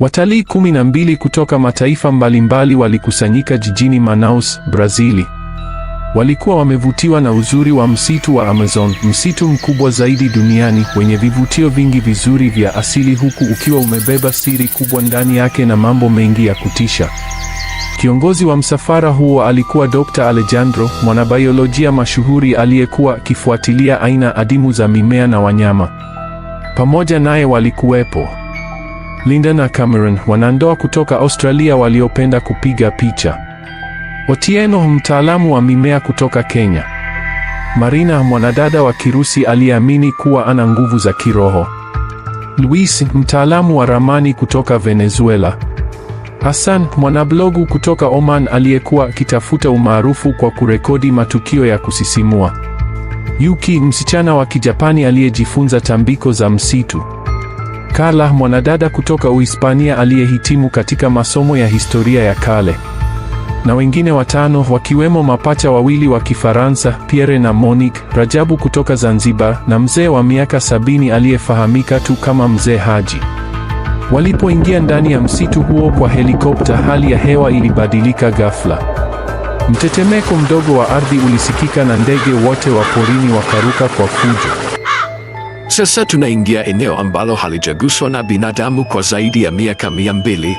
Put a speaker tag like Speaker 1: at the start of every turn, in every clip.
Speaker 1: Watalii mbili kutoka mataifa mbalimbali walikusanyika jijini Manaus, Brazili. Walikuwa wamevutiwa na uzuri wa msitu wa Amazon, msitu mkubwa zaidi duniani wenye vivutio vingi vizuri vya asili, huku ukiwa umebeba siri kubwa ndani yake na mambo mengi ya kutisha. Kiongozi wa msafara huo alikuwa Dr. Alejandro, mwanabiolojia mashuhuri aliyekuwa akifuatilia aina adimu za mimea na wanyama. Pamoja naye walikuwepo Linda na Cameron, wanandoa kutoka Australia waliopenda kupiga picha. Otieno, mtaalamu wa mimea kutoka Kenya. Marina, mwanadada wa Kirusi aliyeamini kuwa ana nguvu za kiroho. Luis, mtaalamu wa ramani kutoka Venezuela. Hassan, mwanablogu kutoka Oman aliyekuwa akitafuta umaarufu kwa kurekodi matukio ya kusisimua. Yuki, msichana wa Kijapani aliyejifunza tambiko za msitu. Carla, mwanadada kutoka Uhispania aliyehitimu katika masomo ya historia ya kale, na wengine watano wakiwemo mapacha wawili wa Kifaransa, Pierre na Monique, Rajabu kutoka Zanzibar na mzee wa miaka sabini aliyefahamika tu kama Mzee Haji. Walipoingia ndani ya msitu huo kwa helikopta, hali ya hewa ilibadilika ghafla. Mtetemeko mdogo wa ardhi ulisikika na ndege wote wa porini wakaruka kwa fujo. Sasa tunaingia eneo ambalo halijaguswa na binadamu kwa zaidi ya miaka mia mbili,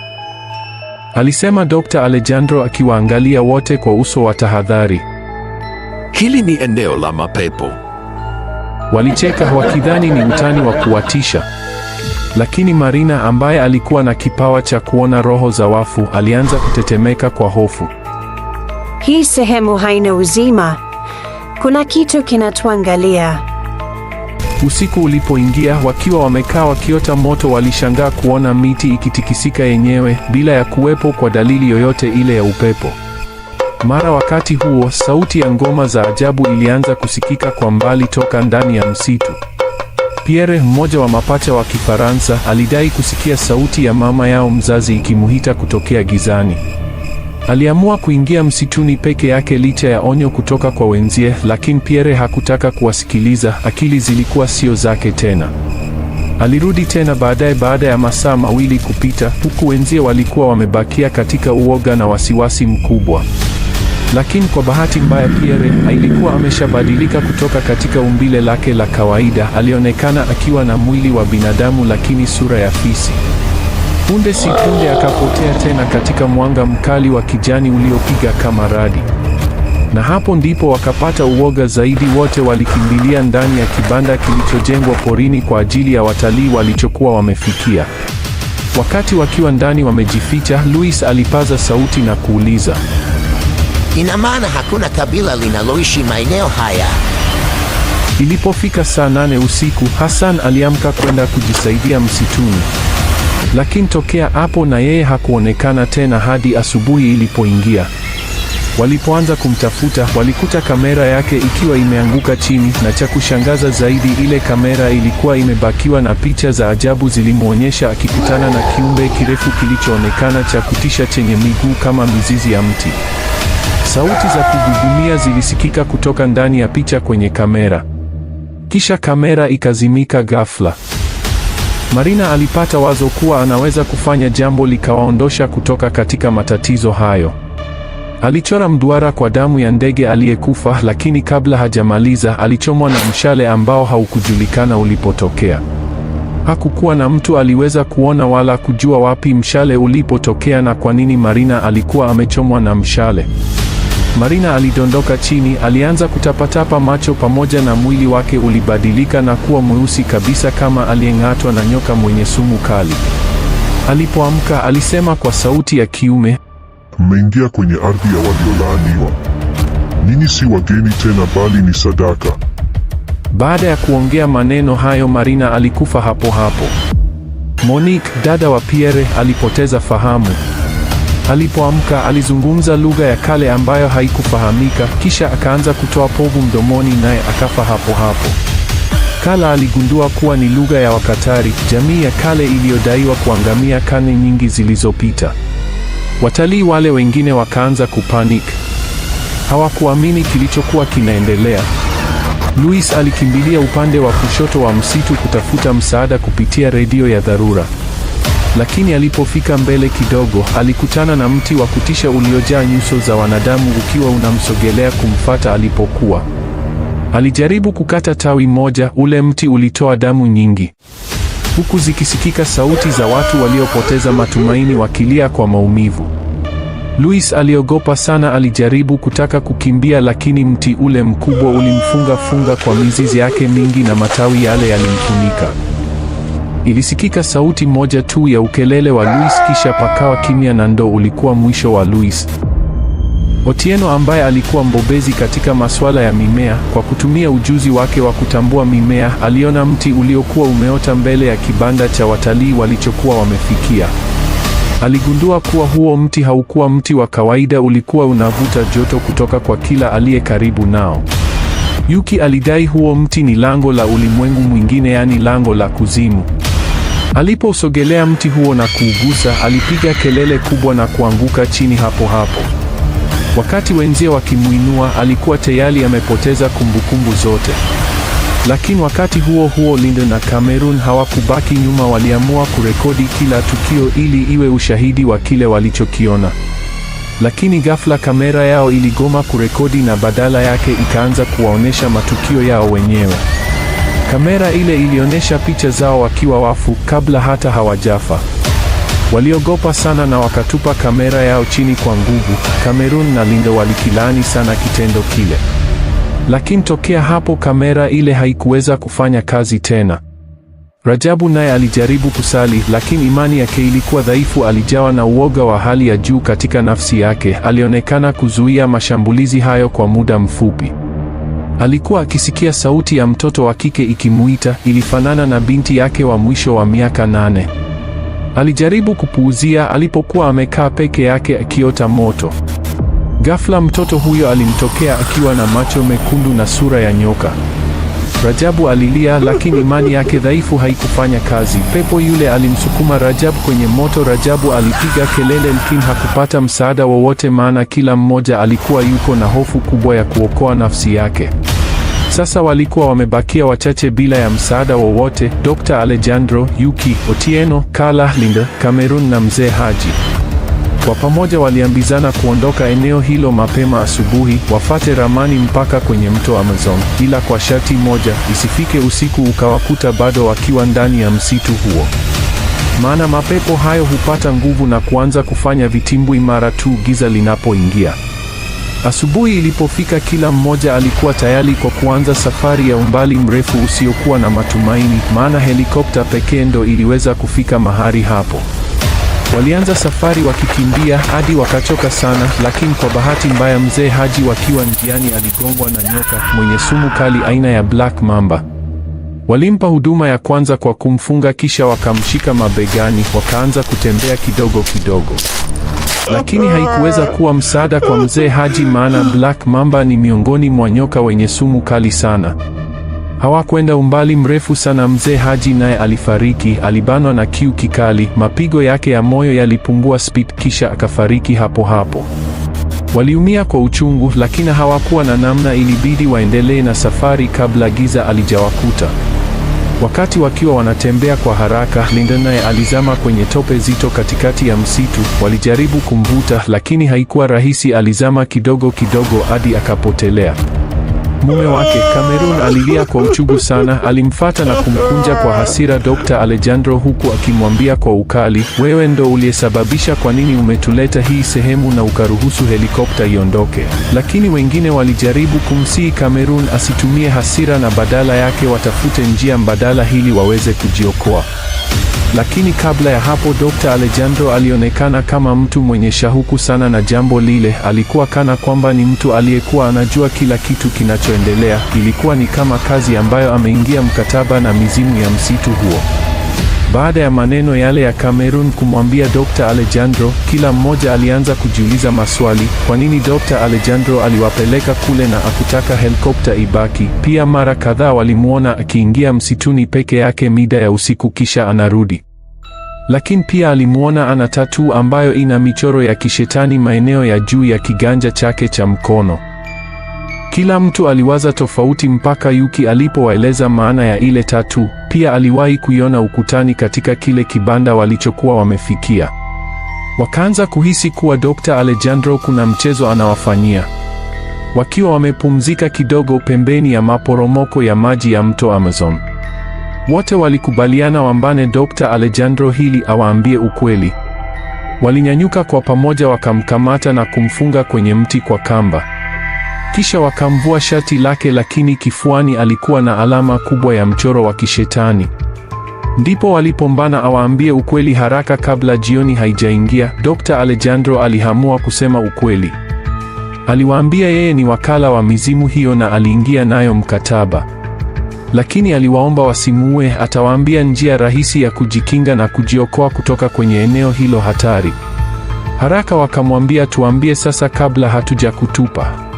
Speaker 2: alisema Dr. Alejandro akiwaangalia wote kwa uso wa tahadhari.
Speaker 1: Hili ni eneo la mapepo.
Speaker 2: Walicheka wakidhani ni utani wa kuwatisha, lakini Marina ambaye alikuwa na kipawa cha kuona roho za wafu alianza kutetemeka kwa hofu.
Speaker 3: Hii sehemu haina uzima, kuna kitu kinatuangalia.
Speaker 2: Usiku ulipoingia, wakiwa wamekaa wakiota moto, walishangaa kuona miti ikitikisika yenyewe bila ya kuwepo kwa dalili yoyote ile ya upepo. Mara wakati huo, sauti ya ngoma za ajabu ilianza kusikika kwa mbali toka ndani ya msitu. Pierre, mmoja wa mapacha wa Kifaransa, alidai kusikia sauti ya mama yao mzazi ikimuhita kutokea gizani. Aliamua kuingia msituni peke yake licha ya onyo kutoka kwa wenzie, lakini Pierre hakutaka kuwasikiliza. Akili zilikuwa sio zake tena. Alirudi tena baadaye baada ya masaa mawili kupita, huku wenzie walikuwa wamebakia katika uoga na wasiwasi mkubwa. Lakini kwa bahati mbaya, Pierre alikuwa ameshabadilika kutoka katika umbile lake la kawaida. Alionekana akiwa na mwili wa binadamu, lakini sura ya fisi. Punde si punde akapotea tena katika mwanga mkali wa kijani uliopiga kama radi. Na hapo ndipo wakapata uoga zaidi, wote walikimbilia ndani ya kibanda kilichojengwa porini kwa ajili ya watalii walichokuwa wamefikia. Wakati wakiwa ndani wamejificha, Luis alipaza sauti na kuuliza,
Speaker 4: ina maana hakuna kabila linaloishi maeneo haya?
Speaker 2: Ilipofika saa nane usiku, Hassan aliamka kwenda kujisaidia msituni. Lakini tokea hapo na yeye hakuonekana tena hadi asubuhi ilipoingia. Walipoanza kumtafuta, walikuta kamera yake ikiwa imeanguka chini, na cha kushangaza zaidi, ile kamera ilikuwa imebakiwa na picha za ajabu zilimwonyesha akikutana na kiumbe kirefu kilichoonekana cha kutisha chenye miguu kama mizizi ya mti. Sauti za kugugumia zilisikika kutoka ndani ya picha kwenye kamera, kisha kamera ikazimika ghafla. Marina alipata wazo kuwa anaweza kufanya jambo likawaondosha kutoka katika matatizo hayo. Alichora mduara kwa damu ya ndege aliyekufa, lakini kabla hajamaliza alichomwa na mshale ambao haukujulikana ulipotokea. Hakukuwa na mtu aliweza kuona wala kujua wapi mshale ulipotokea na kwa nini Marina alikuwa amechomwa na mshale. Marina alidondoka chini, alianza kutapatapa macho pamoja na mwili wake ulibadilika na kuwa mweusi kabisa kama aliyeng'atwa na nyoka mwenye sumu kali. Alipoamka alisema kwa sauti ya kiume,
Speaker 5: mmeingia kwenye ardhi ya waliolaaniwa. Ninyi si wageni tena, bali ni sadaka.
Speaker 2: Baada ya kuongea maneno hayo, Marina alikufa hapo hapo. Monique, dada wa Pierre, alipoteza fahamu. Alipoamka alizungumza lugha ya kale ambayo haikufahamika, kisha akaanza kutoa povu mdomoni, naye akafa hapo hapo. Kala aligundua kuwa ni lugha ya Wakatari, jamii ya kale iliyodaiwa kuangamia karne nyingi zilizopita. Watalii wale wengine wakaanza kupanik, hawakuamini kilichokuwa kinaendelea. Luis alikimbilia upande wa kushoto wa msitu kutafuta msaada kupitia redio ya dharura. Lakini alipofika mbele kidogo, alikutana na mti wa kutisha uliojaa nyuso za wanadamu ukiwa unamsogelea kumfata alipokuwa. Alijaribu kukata tawi moja, ule mti ulitoa damu nyingi. Huku zikisikika sauti za watu waliopoteza matumaini wakilia kwa maumivu. Luis aliogopa sana, alijaribu kutaka kukimbia, lakini mti ule mkubwa ulimfunga funga kwa mizizi yake mingi na matawi yale yalimfunika. Ilisikika sauti moja tu ya ukelele wa Luis, kisha pakawa kimya, na ndo ulikuwa mwisho wa Luis. Otieno ambaye alikuwa mbobezi katika masuala ya mimea, kwa kutumia ujuzi wake wa kutambua mimea, aliona mti uliokuwa umeota mbele ya kibanda cha watalii walichokuwa wamefikia. Aligundua kuwa huo mti haukuwa mti wa kawaida, ulikuwa unavuta joto kutoka kwa kila aliye karibu nao. Yuki alidai huo mti ni lango la ulimwengu mwingine, yaani lango la kuzimu. Aliposogelea mti huo na kuugusa, alipiga kelele kubwa na kuanguka chini hapo hapo. Wakati wenzie wakimuinua, alikuwa tayari amepoteza kumbukumbu zote. Lakini wakati huo huo, Linda na Cameron hawakubaki nyuma, waliamua kurekodi kila tukio ili iwe ushahidi wa kile walichokiona. Lakini ghafla kamera yao iligoma kurekodi na badala yake ikaanza kuwaonyesha matukio yao wenyewe. Kamera ile ilionyesha picha zao wakiwa wafu kabla hata hawajafa. Waliogopa sana na wakatupa kamera yao chini kwa nguvu. Cameroon na Lindo walikilani sana kitendo kile. Lakini tokea hapo kamera ile haikuweza kufanya kazi tena. Rajabu naye alijaribu kusali, lakini imani yake ilikuwa dhaifu. Alijawa na uoga wa hali ya juu katika nafsi yake. Alionekana kuzuia mashambulizi hayo kwa muda mfupi. Alikuwa akisikia sauti ya mtoto wa kike ikimuita, ilifanana na binti yake wa mwisho wa miaka nane. Alijaribu kupuuzia alipokuwa amekaa peke yake akiota moto. Ghafla mtoto huyo alimtokea akiwa na macho mekundu na sura ya nyoka. Rajabu alilia, lakini imani yake dhaifu haikufanya kazi. Pepo yule alimsukuma Rajabu kwenye moto. Rajabu alipiga kelele, lakini hakupata msaada wowote, maana kila mmoja alikuwa yuko na hofu kubwa ya kuokoa nafsi yake. Sasa walikuwa wamebakia wachache bila ya msaada wowote: Dr. Alejandro, Yuki, Otieno, Kala, Linda, Cameron na Mzee Haji. Kwa pamoja waliambizana kuondoka eneo hilo mapema asubuhi, wafate ramani mpaka kwenye mto Amazon, ila kwa sharti moja, isifike usiku ukawakuta bado wakiwa ndani ya msitu huo. Maana mapepo hayo hupata nguvu na kuanza kufanya vitimbwi mara tu giza linapoingia. Asubuhi ilipofika, kila mmoja alikuwa tayari kwa kuanza safari ya umbali mrefu usiokuwa na matumaini, maana helikopta pekee ndo iliweza kufika mahali hapo. Walianza safari wakikimbia hadi wakachoka sana, lakini kwa bahati mbaya, mzee Haji wakiwa njiani aligongwa na nyoka mwenye sumu kali aina ya Black Mamba. Walimpa huduma ya kwanza kwa kumfunga, kisha wakamshika mabegani, wakaanza kutembea kidogo kidogo, lakini haikuweza kuwa msaada kwa mzee Haji, maana Black Mamba ni miongoni mwa nyoka wenye sumu kali sana. Hawakwenda umbali mrefu sana, mzee Haji naye alifariki. Alibanwa na kiu kikali, mapigo yake ya moyo yalipungua spidi, kisha akafariki hapo hapo. Waliumia kwa uchungu, lakini hawakuwa na namna. Ilibidi waendelee na safari kabla giza alijawakuta. Wakati wakiwa wanatembea kwa haraka, Linda naye alizama kwenye tope zito katikati ya msitu. Walijaribu kumvuta, lakini haikuwa rahisi. Alizama kidogo kidogo hadi akapotelea. Mume wake Cameron alilia kwa uchungu sana. Alimfata na kumkunja kwa hasira Dr. Alejandro huku akimwambia kwa ukali, wewe ndo uliyesababisha. Kwa nini umetuleta hii sehemu na ukaruhusu helikopta iondoke? Lakini wengine walijaribu kumsihi Cameron asitumie hasira na badala yake watafute njia mbadala ili waweze kujiokoa. Lakini kabla ya hapo, Dr. Alejandro alionekana kama mtu mwenye shauku sana na jambo lile. Alikuwa kana kwamba ni mtu aliyekuwa anajua kila kitu kinachoendelea. Ilikuwa ni kama kazi ambayo ameingia mkataba na mizimu ya msitu huo. Baada ya maneno yale ya Cameron kumwambia Dr. Alejandro, kila mmoja alianza kujiuliza maswali, kwa nini Dr. Alejandro aliwapeleka kule na akutaka helikopta ibaki? Pia mara kadhaa walimwona akiingia msituni peke yake mida ya usiku kisha anarudi. Lakini pia alimwona ana tatuu ambayo ina michoro ya kishetani maeneo ya juu ya kiganja chake cha mkono. Kila mtu aliwaza tofauti mpaka Yuki alipowaeleza maana ya ile tatu. Pia aliwahi kuiona ukutani katika kile kibanda walichokuwa wamefikia. Wakaanza kuhisi kuwa Dr. Alejandro kuna mchezo anawafanyia. Wakiwa wamepumzika kidogo pembeni ya maporomoko ya maji ya mto Amazon, wote walikubaliana wambane Dr. Alejandro hili awaambie ukweli. Walinyanyuka kwa pamoja, wakamkamata na kumfunga kwenye mti kwa kamba. Kisha wakamvua shati lake, lakini kifuani alikuwa na alama kubwa ya mchoro wa kishetani. Ndipo walipombana awaambie ukweli haraka kabla jioni haijaingia. Dr. Alejandro alihamua kusema ukweli. Aliwaambia yeye ni wakala wa mizimu hiyo na aliingia nayo mkataba, lakini aliwaomba wasimuue. Atawaambia njia rahisi ya kujikinga na kujiokoa kutoka kwenye eneo hilo hatari. Haraka wakamwambia, tuambie sasa kabla hatujakutupa.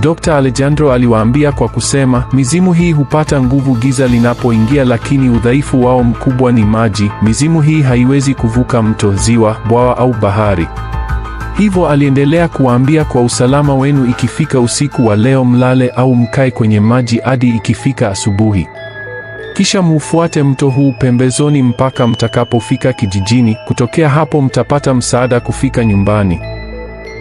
Speaker 2: Dr. Alejandro aliwaambia kwa kusema, mizimu hii hupata nguvu giza linapoingia, lakini udhaifu wao mkubwa ni maji. Mizimu hii haiwezi kuvuka mto, ziwa, bwawa au bahari. Hivyo aliendelea kuwaambia, kwa usalama wenu, ikifika usiku wa leo mlale au mkae kwenye maji hadi ikifika asubuhi, kisha muufuate mto huu pembezoni mpaka mtakapofika kijijini. Kutokea hapo mtapata msaada kufika nyumbani.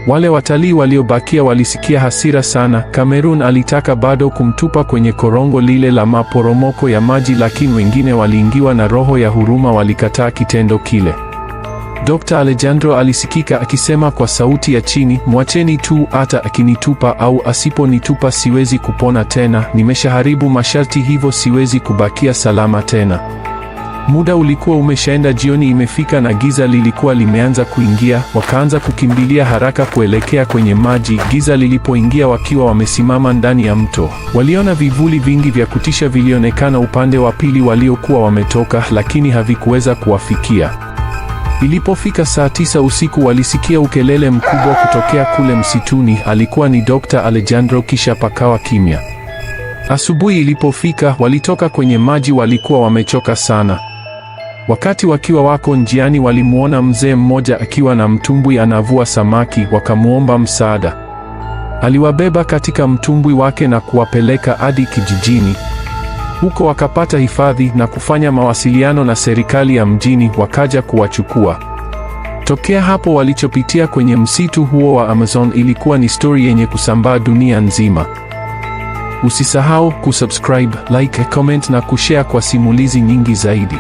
Speaker 2: Wale watalii waliobakia walisikia hasira sana. kamerun alitaka bado kumtupa kwenye korongo lile la maporomoko ya maji, lakini wengine waliingiwa na roho ya huruma, walikataa kitendo kile. Dr. Alejandro alisikika akisema kwa sauti ya chini, mwacheni tu, hata akinitupa au asiponitupa siwezi kupona tena, nimeshaharibu masharti, hivyo siwezi kubakia salama tena. Muda ulikuwa umeshaenda, jioni imefika na giza lilikuwa limeanza kuingia. Wakaanza kukimbilia haraka kuelekea kwenye maji. Giza lilipoingia, wakiwa wamesimama ndani ya mto, waliona vivuli vingi vya kutisha vilionekana upande wa pili waliokuwa wametoka, lakini havikuweza kuwafikia. Ilipofika saa tisa usiku, walisikia ukelele mkubwa kutokea kule msituni. Alikuwa ni Dr. Alejandro, kisha pakawa kimya. Asubuhi ilipofika, walitoka kwenye maji, walikuwa wamechoka sana. Wakati wakiwa wako njiani, walimwona mzee mmoja akiwa na mtumbwi anavua samaki, wakamwomba msaada. Aliwabeba katika mtumbwi wake na kuwapeleka hadi kijijini. Huko wakapata hifadhi na kufanya mawasiliano na serikali ya mjini, wakaja kuwachukua. Tokea hapo, walichopitia kwenye msitu huo wa Amazon ilikuwa ni stori yenye kusambaa dunia nzima. Usisahau kusubscribe, like, comment na kushare kwa simulizi nyingi zaidi.